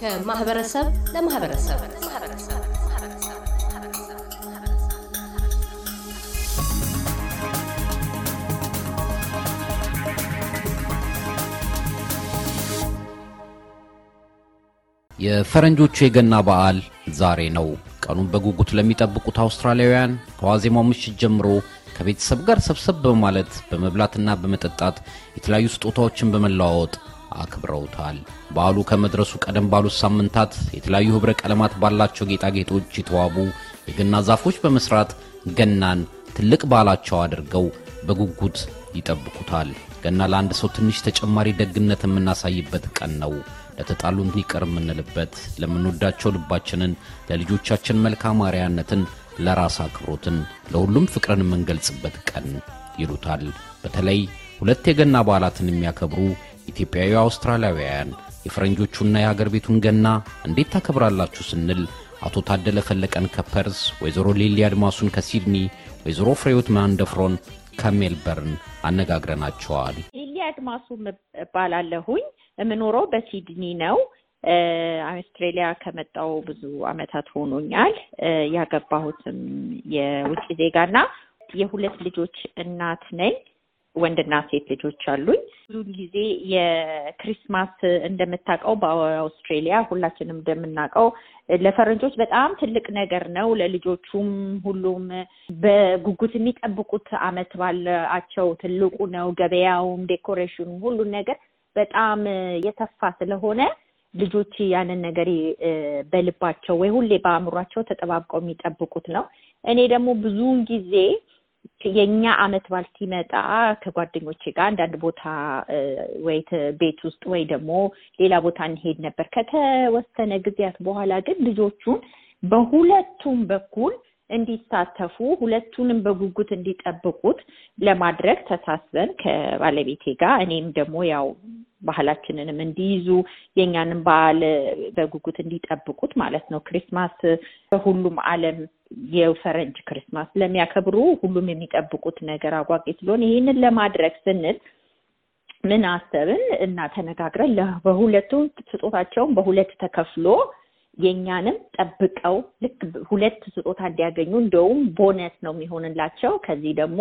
ከማህበረሰብ ለማህበረሰብ የፈረንጆቹ የገና በዓል ዛሬ ነው። ቀኑን በጉጉት ለሚጠብቁት አውስትራሊያውያን ከዋዜማው ምሽት ጀምሮ ከቤተሰብ ጋር ሰብሰብ በማለት በመብላትና በመጠጣት የተለያዩ ስጦታዎችን በመለዋወጥ አክብረውታል። በዓሉ ከመድረሱ ቀደም ባሉት ሳምንታት የተለያዩ ኅብረ ቀለማት ባላቸው ጌጣጌጦች የተዋቡ የገና ዛፎች በመስራት ገናን ትልቅ በዓላቸው አድርገው በጉጉት ይጠብቁታል። ገና ለአንድ ሰው ትንሽ ተጨማሪ ደግነት የምናሳይበት ቀን ነው። ለተጣሉ ይቅር የምንልበት፣ ለምንወዳቸው ልባችንን፣ ለልጆቻችን መልካም አርያነትን፣ ለራስ አክብሮትን፣ ለሁሉም ፍቅርን የምንገልጽበት ቀን ይሉታል። በተለይ ሁለት የገና በዓላትን የሚያከብሩ ኢትዮጵያዊ አውስትራሊያውያን የፈረንጆቹና የሀገር ቤቱን ገና እንዴት ታከብራላችሁ ስንል አቶ ታደለ ፈለቀን ከፐርስ፣ ወይዘሮ ሌሊ አድማሱን ከሲድኒ፣ ወይዘሮ ፍሬዮት ማንደፍሮን ከሜልበርን አነጋግረናቸዋል። ሌሊ አድማሱ እባላለሁኝ። የምኖረው በሲድኒ ነው። አውስትሬሊያ ከመጣው ብዙ አመታት ሆኖኛል። ያገባሁትም የውጭ ዜጋና የሁለት ልጆች እናት ነኝ። ወንድና ሴት ልጆች አሉኝ። ብዙን ጊዜ የክሪስማስ እንደምታውቀው በአውስትሬሊያ ሁላችንም እንደምናውቀው ለፈረንጆች በጣም ትልቅ ነገር ነው። ለልጆቹም ሁሉም በጉጉት የሚጠብቁት አመት ባላቸው ትልቁ ነው። ገበያውም፣ ዴኮሬሽኑ ሁሉን ነገር በጣም የሰፋ ስለሆነ ልጆች ያንን ነገር በልባቸው ወይ ሁሌ በአእምሯቸው ተጠባብቀው የሚጠብቁት ነው። እኔ ደግሞ ብዙውን ጊዜ የኛ አመት በዓል ሲመጣ ከጓደኞቼ ጋር አንዳንድ ቦታ ወይ ቤት ውስጥ ወይ ደግሞ ሌላ ቦታ እንሄድ ነበር። ከተወሰነ ጊዜያት በኋላ ግን ልጆቹን በሁለቱም በኩል እንዲሳተፉ ሁለቱንም በጉጉት እንዲጠብቁት ለማድረግ ተሳስበን ከባለቤቴ ጋር እኔም ደግሞ ያው ባህላችንንም እንዲይዙ የእኛንም በዓል በጉጉት እንዲጠብቁት ማለት ነው። ክሪስማስ በሁሉም ዓለም የፈረንጅ ክሪስማስ ለሚያከብሩ ሁሉም የሚጠብቁት ነገር አጓጊ ስለሆነ ይህንን ለማድረግ ስንል ምን አሰብን እና ተነጋግረን በሁለቱ ስጦታቸውን በሁለት ተከፍሎ የእኛንም ጠብቀው ልክ ሁለት ስጦታ እንዲያገኙ እንደውም ቦነስ ነው የሚሆንላቸው። ከዚህ ደግሞ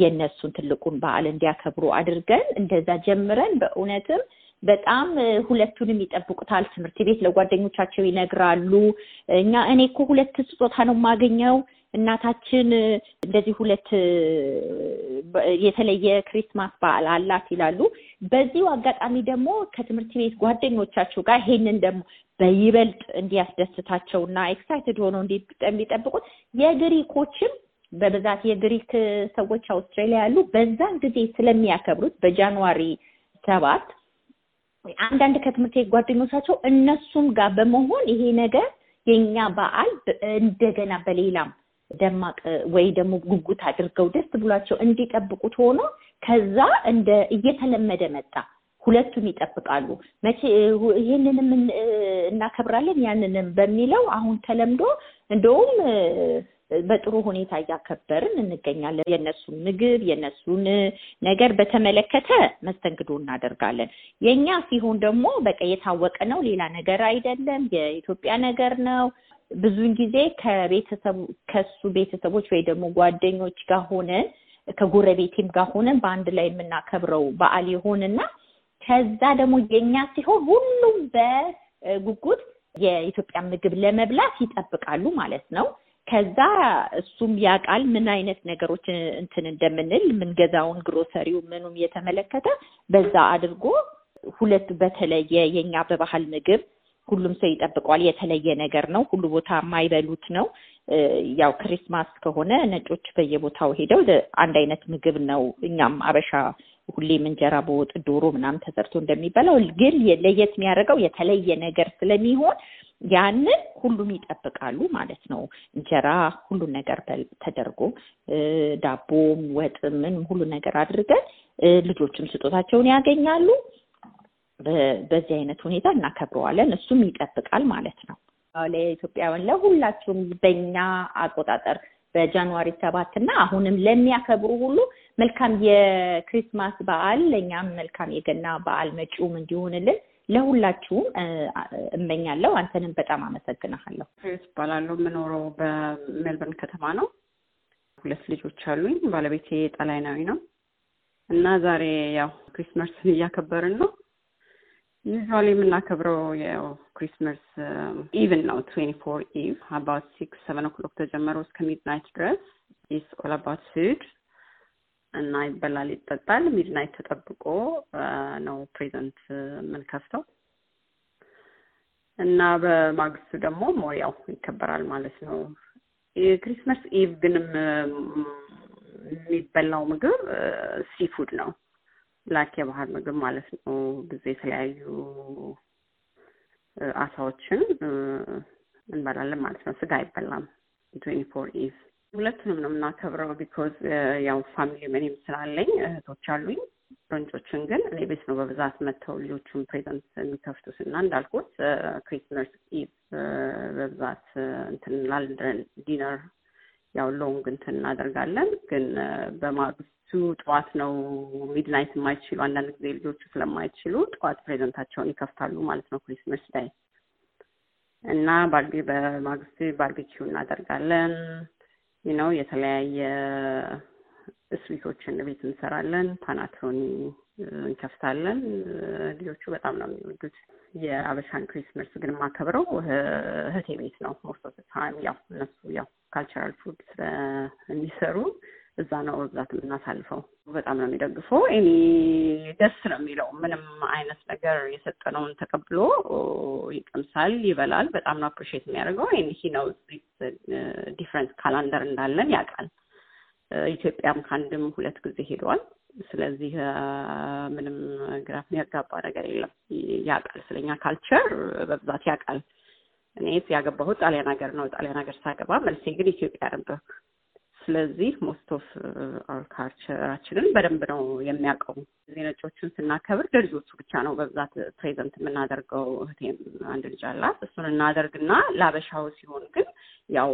የእነሱን ትልቁን በዓል እንዲያከብሩ አድርገን እንደዛ ጀምረን በእውነትም በጣም ሁለቱንም ይጠብቁታል። ትምህርት ቤት ለጓደኞቻቸው ይነግራሉ። እኛ እኔ እኮ ሁለት ስጦታ ነው የማገኘው እናታችን እንደዚህ ሁለት የተለየ ክሪስማስ በዓል አላት ይላሉ። በዚሁ አጋጣሚ ደግሞ ከትምህርት ቤት ጓደኞቻቸው ጋር ይሄንን ደግሞ በይበልጥ እንዲያስደስታቸውና ኤክሳይትድ ሆነው እንዲጠብቁት የግሪኮችም በብዛት የግሪክ ሰዎች አውስትራሊያ ያሉ በዛን ጊዜ ስለሚያከብሩት በጃንዋሪ ሰባት አንዳንድ ከትምህርት ቤት ጓደኞቻቸው እነሱም ጋር በመሆን ይሄ ነገር የኛ በዓል እንደገና በሌላም ደማቅ ወይ ደግሞ ጉጉት አድርገው ደስ ብሏቸው እንዲጠብቁት ሆኖ ከዛ እንደ እየተለመደ መጣ። ሁለቱም ይጠብቃሉ። መቼ ይህንንም እናከብራለን ያንንም በሚለው አሁን ተለምዶ እንደውም በጥሩ ሁኔታ እያከበርን እንገኛለን። የእነሱን ምግብ የእነሱን ነገር በተመለከተ መስተንግዶ እናደርጋለን። የእኛ ሲሆን ደግሞ በቃ የታወቀ ነው፣ ሌላ ነገር አይደለም፣ የኢትዮጵያ ነገር ነው። ብዙን ጊዜ ከቤተሰቡ ከሱ ቤተሰቦች ወይ ደግሞ ጓደኞች ጋር ሆነን ከጎረቤቴም ጋር ሆነን በአንድ ላይ የምናከብረው በዓል ይሆንና ከዛ ደግሞ የእኛ ሲሆን ሁሉም በጉጉት የኢትዮጵያ ምግብ ለመብላት ይጠብቃሉ ማለት ነው። ከዛ እሱም ያውቃል ምን አይነት ነገሮች እንትን እንደምንል ምንገዛውን ግሮሰሪው ምኑም የተመለከተ በዛ አድርጎ ሁለቱ በተለየ የኛ በባህል ምግብ ሁሉም ሰው ይጠብቀዋል። የተለየ ነገር ነው። ሁሉ ቦታ የማይበሉት ነው። ያው ክሪስማስ ከሆነ ነጮች በየቦታው ሄደው አንድ አይነት ምግብ ነው። እኛም አበሻ ሁሌም እንጀራ በወጥ ዶሮ ምናምን ተሰርቶ እንደሚበላው ግን ለየት የሚያደርገው የተለየ ነገር ስለሚሆን ያንን ሁሉም ይጠብቃሉ ማለት ነው። እንጀራ ሁሉን ነገር ተደርጎ ዳቦም፣ ወጥ ምን ሁሉ ነገር አድርገን ልጆችም ስጦታቸውን ያገኛሉ። በዚህ አይነት ሁኔታ እናከብረዋለን። እሱም ይጠብቃል ማለት ነው። ለኢትዮጵያውያን ለሁላችሁም በኛ አቆጣጠር በጃንዋሪ ሰባት እና አሁንም ለሚያከብሩ ሁሉ መልካም የክሪስማስ በዓል ለእኛም መልካም የገና በዓል መጪውም እንዲሆንልን ለሁላችሁም እመኛለሁ። አንተንም በጣም አመሰግናለሁ። ይባላለሁ። የምኖረው በሜልበርን ከተማ ነው። ሁለት ልጆች አሉኝ። ባለቤቴ ጣሊያናዊ ነው እና ዛሬ ያው ክሪስመስን እያከበርን ነው። ዩዝዋሊ የምናከብረው ያው ክሪስመስ ኢቭን ነው። ትዌንቲ ፎር ኢቭ አባት ሲክስ ሰቨን ኦክሎክ ተጀመረው እስከ ሚድናይት ድረስ ኢስ ኦል አባት ፉድ እና ይበላል ይጠጣል። ሚድናይት ተጠብቆ ነው ፕሬዘንት የምንከፍተው እና በማግስቱ ደግሞ ሞሪያው ይከበራል ማለት ነው። የክሪስመስ ኢቭ ግንም የሚበላው ምግብ ሲፉድ ነው። ላክ የባህል ምግብ ማለት ነው። ብዙ የተለያዩ አሳዎችን እንበላለን ማለት ነው። ስጋ አይበላም። ትዌንቲ ፎር ኢቭ ሁለቱንም ነው የምናከብረው። ቢኮዝ uh, ያው ፋሚሊ እኔም ስላለኝ እህቶች አሉኝ። ፍረንጮችን ግን እኔ ቤት ነው በብዛት መጥተው ልጆቹን ፕሬዘንት የሚከፍቱት እና እንዳልኩት ክሪስመስ uh, ኢቭ uh, በብዛት እንትን እንላለን ዲነር ያው ሎንግ እንትን እናደርጋለን። ግን በማግስቱ ጠዋት ነው ሚድናይት የማይችሉ አንዳንድ ጊዜ ልጆቹ ስለማይችሉ ጠዋት ፕሬዘንታቸውን ይከፍታሉ ማለት ነው ክሪስመስ ላይ እና ባርቢ በማግስቱ ባርቢኪው እናደርጋለን። ነው የተለያየ ስዊቶችን ቤት እንሰራለን። ፓናትሮኒ እንከፍታለን። ልጆቹ በጣም ነው የሚወዱት። የአበሻን ክሪስመስ ግን ማከብረው እህቴ ቤት ነው። ሞስቶ ታይም ያው እነሱ ያው ካልቸራል ፉድ ስለሚሰሩ እዛ ነው በብዛት የምናሳልፈው። በጣም ነው የሚደግፈው። እኔ ደስ ነው የሚለው ምንም አይነት ነገር የሰጠነውን ተቀብሎ ይቀምሳል፣ ይበላል። በጣም ነው አፕሪሺየት የሚያደርገው። ሂ ነው ዲፍረንት ካላንደር እንዳለን ያውቃል። ኢትዮጵያም ከአንድም ሁለት ጊዜ ሄደዋል። ስለዚህ ምንም ግራ የሚያጋባ ነገር የለም። ያውቃል፣ ስለኛ ካልቸር በብዛት ያውቃል። እኔ ያገባሁት ጣሊያን ሀገር ነው። ጣሊያን ሀገር ሳገባ መልሴ ግን ኢትዮጵያ ነበር። ስለዚህ ሞስት ኦፍ አር ካልቸራችንን በደንብ ነው የሚያውቀው። እዚህ ነጮቹን ስናከብር ለልጆቹ ብቻ ነው በብዛት ፕሬዘንት የምናደርገው። እህቴም አንድ ልጅ አላት። እሱን እናደርግና ላበሻው ሲሆን ግን ያው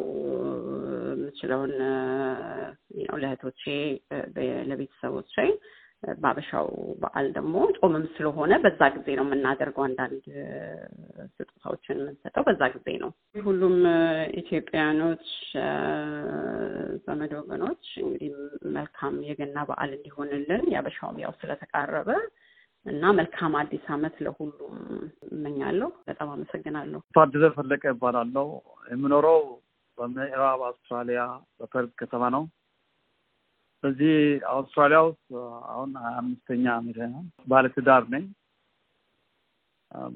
የምችለውን uh, ለእህቶቼ፣ uh, ለቤተሰቦቼ ባበሻው በዓል ደግሞ ጾምም ስለሆነ በዛ ጊዜ ነው የምናደርገው። አንዳንድ ስጦታዎችን የምንሰጠው በዛ ጊዜ ነው። ሁሉም ኢትዮጵያኖች ዘመድ ወገኖች እንግዲህ መልካም የገና በዓል እንዲሆንልን ያበሻውም ያው ስለተቃረበ እና መልካም አዲስ ዓመት ለሁሉም እመኛለሁ። በጣም አመሰግናለሁ። ታደሰ ፈለቀ እባላለሁ። የምኖረው በምዕራብ አውስትራሊያ በፐርዝ ከተማ ነው። በዚህ አውስትራሊያ ውስጥ አሁን ሀያ አምስተኛ ዓመቴ ነው። ባለትዳር ነኝ።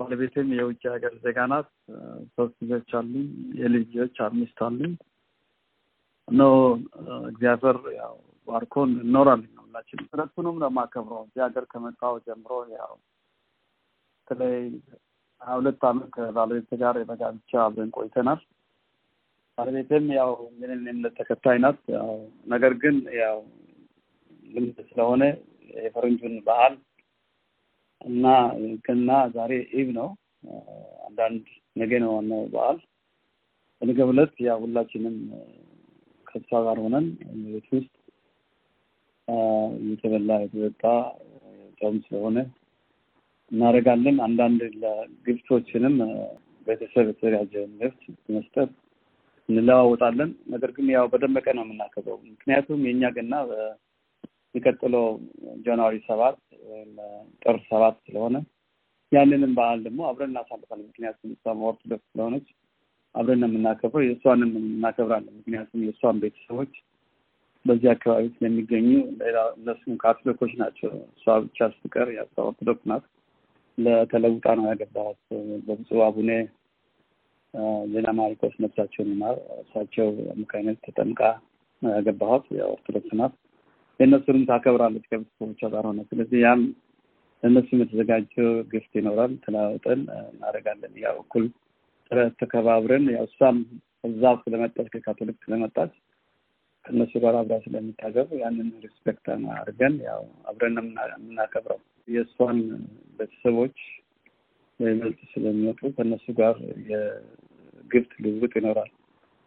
ባለቤትም የውጭ ሀገር ዜጋ ናት። ሶስት ልጆች አሉኝ። የልጅ ልጆች አምስት አሉኝ። ኖ እግዚአብሔር ያው ባርኮን እኖራለን ሁላችን። ሁለቱንም ነው የማከብረው። እዚህ ሀገር ከመጣሁ ጀምሮ ያው በተለይ ሀያ ሁለት ዓመት ከባለቤቴ ጋር ብቻ አብረን ቆይተናል። ባለቤትም ያው ምንም የእምነት ተከታይ ናት። ነገር ግን ያው ልምድ ስለሆነ የፈረንጁን ባህል እና ገና ዛሬ ኢቭ ነው። አንዳንድ ነገ ነው ዋናው በዓል። በነገው ዕለት ያው ሁላችንም ከእሷ ጋር ሆነን ቤት ውስጥ እየተበላ የተጠጣ ጾም ስለሆነ እናደርጋለን። አንዳንድ ግብቶችንም ቤተሰብ የተዘጋጀውን ግብት መስጠት እንለዋወጣለን። ነገር ግን ያው በደመቀ ነው የምናከበው። ምክንያቱም የእኛ ገና የሚቀጥለው ጃንዋሪ ሰባት ጥር ሰባት ስለሆነ ያንንም በዓል ደግሞ አብረን እናሳልፋለን። ምክንያቱም እሷም ኦርቶዶክስ ስለሆነች አብረን ነው የምናከብረው፣ የእሷንም እናከብራለን። ምክንያቱም የእሷን ቤተሰቦች በዚህ አካባቢ ስለሚገኙ ሌላ እነሱም ካቶሊኮች ናቸው። እሷ ብቻ ስትቀር ያው ኦርቶዶክስ ናት። ለተለውጣ ነው ያገባት በብፁዕ አቡኔ ዜና ማርቆስ ነብሳቸውን ይማር። እሳቸው አሙካይነት ተጠምቃ ያገባኋት የኦርቶዶክስ ናት። የእነሱንም ታከብራለች ከቤተሰቦቿ ጋር ሆነ። ስለዚህ ያም ለእነሱም የተዘጋጀው ግፍት ይኖራል። ተለዋውጠን እናደርጋለን። ያው እኩል ጥረት ተከባብረን ያው እሷም እዛ ስለመጣች ከካቶሊክ ስለመጣች ከእነሱ ጋር አብራ ስለሚታገቡ ያንን ሪስፔክት አድርገን ያው አብረን የምናከብረው የእሷን ቤተሰቦች ይበልጥ ስለሚወጡ ከእነሱ ጋር ግብት ልውውጥ ይኖራል።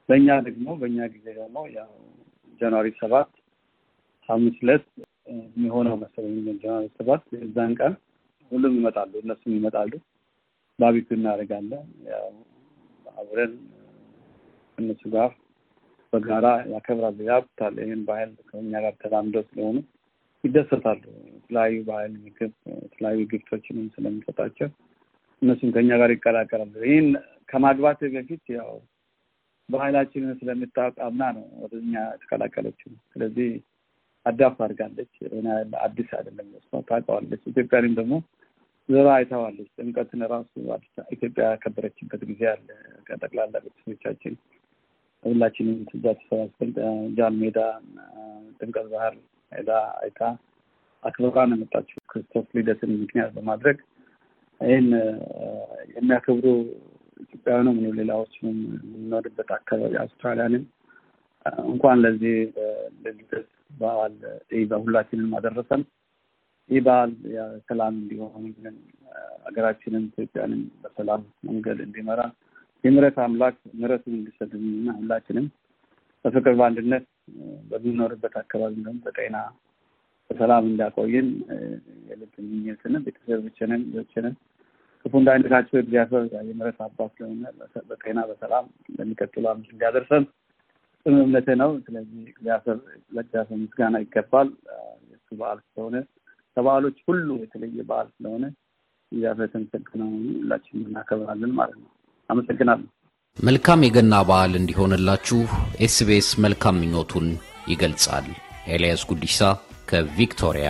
በእኛ ደግሞ በእኛ ጊዜ ደግሞ ያው ጃንዋሪ ሰባት ሐሙስ ዕለት የሚሆነው መሰለኝ ጃንዋሪ ሰባት እዛን ቀን ሁሉም ይመጣሉ፣ እነሱም ይመጣሉ። ባቢቱ እናደርጋለን። ያው አብረን እነሱ ጋር በጋራ ያከብራሉ፣ ያብታል። ይህን ባህል ከኛ ጋር ተላምደው ስለሆኑ ይደሰታሉ። የተለያዩ ባህል ምግብ፣ የተለያዩ ግብቶችንም ስለሚሰጣቸው እነሱም ከኛ ጋር ይቀላቀላሉ። ይህን ከማግባት በፊት ያው ባህላችንን ስለምታውቅ አምና ነው ወደኛ የተቀላቀለችው። ስለዚህ አዳፍ አድርጋለች። አዲስ አይደለም እሷ ታውቀዋለች። ኢትዮጵያንም ደግሞ ዘራ አይተዋለች። ጥምቀትን ራሱ ኢትዮጵያ ያከበረችበት ጊዜ አለ። ከጠቅላላ ቤተሰቦቻችን ሁላችንም ትዛ ተሰባስበን ጃን ሜዳ ጥምቀት ባህር ሜዳ አይታ አክብራ ነው የመጣችው። ክርስቶስ ልደትን ምክንያት በማድረግ ይህን የሚያከብሩ ኢትዮጵያውያንም ነው ምንም ሌላዎችንም የምንኖርበት አካባቢ አውስትራሊያንም እንኳን ለዚህ ለልደት በዓል በሁላችንም አደረሰን። ይህ በዓል ሰላም እንዲሆን ብለን ሀገራችንን ኢትዮጵያንን በሰላም መንገድ እንዲመራ የምረት አምላክ ምረቱን እንዲሰድና ሁላችንም በፍቅር በአንድነት በሚኖርበት አካባቢ ደግሞ በጤና በሰላም እንዳቆይን የልብ ምኞትንም ቤተሰቦችንም ክፉ እንዳይነካቸው እግዚአብሔር የምሕረት አባት ስለሆነ በጤና በሰላም ለሚቀጥሉ ዓመት እንዲያደርሰን ጽኑ እምነት ነው። ስለዚህ እግዚአብሔር ለእግዚአብሔር ምስጋና ይገባል። የሱ በዓል ስለሆነ ከበዓሎች ሁሉ የተለየ በዓል ስለሆነ እግዚአብሔር የተመሰገነ መሆኑን ሁላችን እናከብራለን ማለት ነው። አመሰግናለሁ። መልካም የገና በዓል እንዲሆንላችሁ ኤስቢኤስ መልካም ምኞቱን ይገልጻል። ኤልያስ ጉዲሳ ከቪክቶሪያ